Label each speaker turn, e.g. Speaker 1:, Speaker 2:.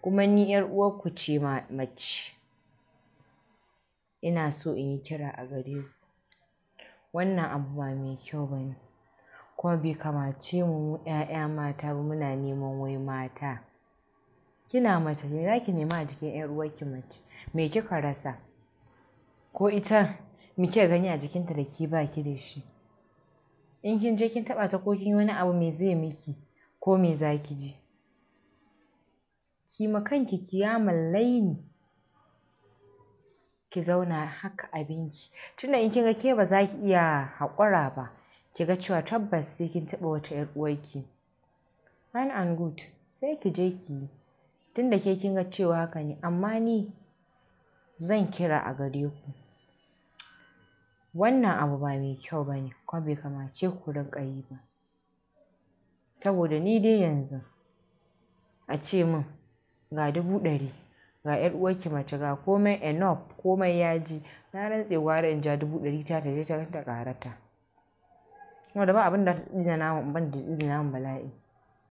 Speaker 1: kuma ni ‘yar uwarku ce mace ina so in yi kira a gare ku wannan abu ba mai kyau ba ne kuma bai kamace mu mu ‘ya'ya mata ba muna neman wai mata kina mace me za ki nema a jikin ‘yar uwarki mace me kika rasa ko ita me kika gani a jikinta da ke ba ki da shi in kin je kin taɓa ta ko kin yi wani abu me zai miki ko me za ki ji ki ma kanki mallai laini ki zauna haka abinki tunda in kinga ke ba za ki iya haƙura ba ki ga cewa tabbas sai kin taɓa wata 'yar uwarki fine and good sai ki je ki tunda ke kin cewa haka ne amma ni zan kira a gare ku wannan abu ba mai kyau ba ne kuma bai kamace ku rinka yi ba saboda ni dai yanzu a ce min ga dubu ɗari ga 'yar uwarki mace ga komai enough komai ya ji na rantse gwara in ja dubu ɗari ta ta je ta ƙarata. da ba abin da ta
Speaker 2: tsina ban da tsina namun bala'i.